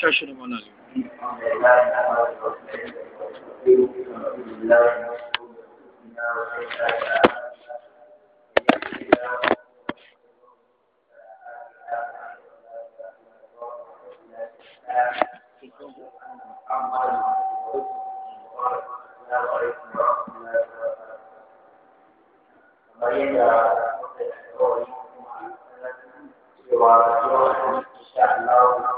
Şaşırı bana diyor. Thank you.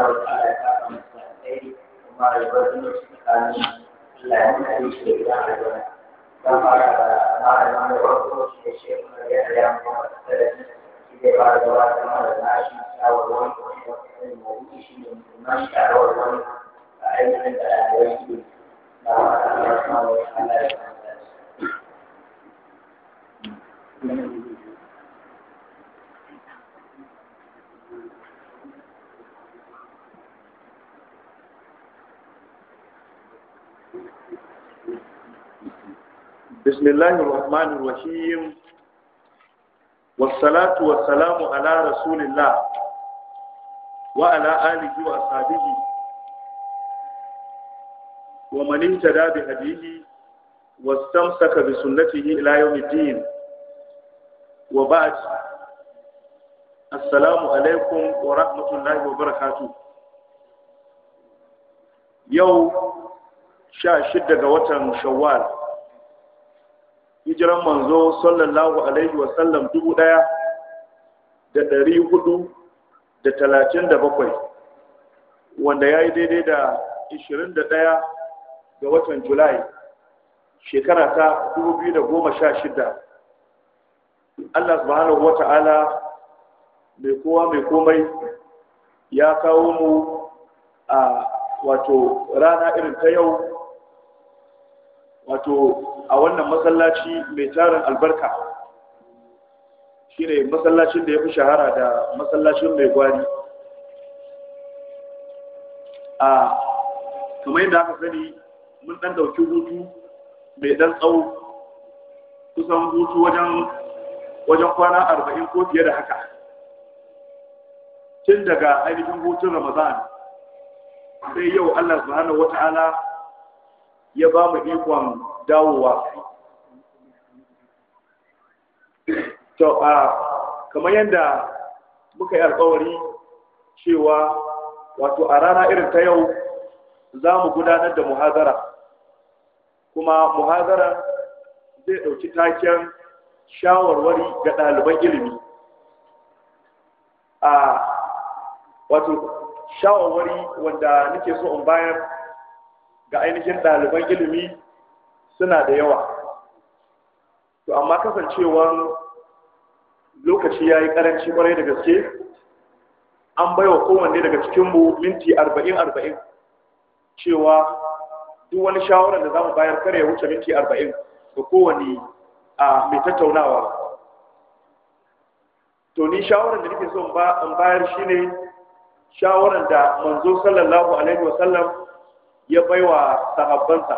subhanahu wa ta'ala ya saka musu alheri kuma ya bar zumunci tsakanin Allah ya nuna yi shi da بسم الله الرحمن الرحيم والصلاة والسلام على رسول الله وعلى آله وأصحابه ومن اهتدى بهديه واستمسك بسنته إلى يوم الدين وبعد السلام عليكم ورحمة الله وبركاته يوم شاشد وتن شوال hijiran manzo sallallahu alaihi wa sallam dubu ɗaya da ɗari hudu da talatin da bakwai wanda ya yi daidai da ishirin da ɗaya ga watan julai shekara ta dubu biyu da goma sha shida allah subhanahu wa ta'ala mai kowa mai komai ya kawo mu a wato rana irin ta yau wato a wannan masallaci mai tarin albarka shine masallacin da ya fi shahara da masallacin mai gwari a kamar yadda aka sani mun ɗan ɗauki hutu mai ɗan tsawo kusan hutu wajen kwana arba'in ko fiye da haka tun daga ainihin hutun ramadan sai yau allah subhanahu wata'ala ya ba mu ikon dawowa to a kamar yadda muka yi alkawari cewa wato a rana irin ta yau za mu gudanar da muhazara kuma muhazara zai ɗauki taken shawarwari ga ɗaliban ilimi a wato shawarwari wanda nake so in bayar ga ainihin ɗaliban ilimi suna da yawa to amma kasancewan lokaci ya yi ƙaranci ƙwarai da gaske an baiwa kowanne daga cikinmu minti arba'in arba'in cewa duk wani shawarar da za mu bayar kare ya wuce minti arba'in ga kowanne a mai tattaunawa to ni shawarar da nake so in bayar shine shawarar da manzo sallallahu alaihi wasallam ya baiwa sahabbansa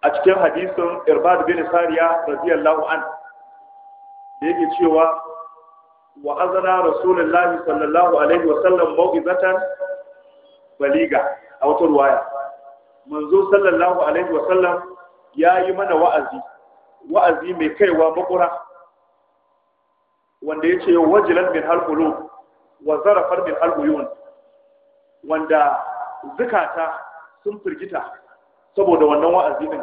a cikin hadisin irbad bin sariya radiyallahu an da yake cewa wa azara rasulullahi sallallahu alaihi wa sallam mau'izatan baliga a wata ruwaya manzo sallallahu alaihi wa sallam ya yi mana wa'azi wa'azi mai kaiwa makura wanda ya ce wajilan min halkulu wa zarafar min halkuyun wanda zukata sun firgita saboda wannan wa'azi din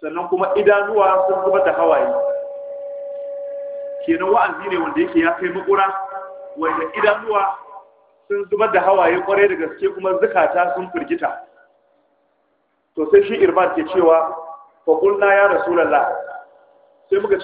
sannan kuma idanuwa sun zuba da hawaye kenan wa'azi ne wanda yake ya kai makura wanda idanuwa sun zubar da hawaye kwarai da gaske kuma zukata sun firgita to sai shi irfan ke cewa fa qulna ya rasulullah sai muka ce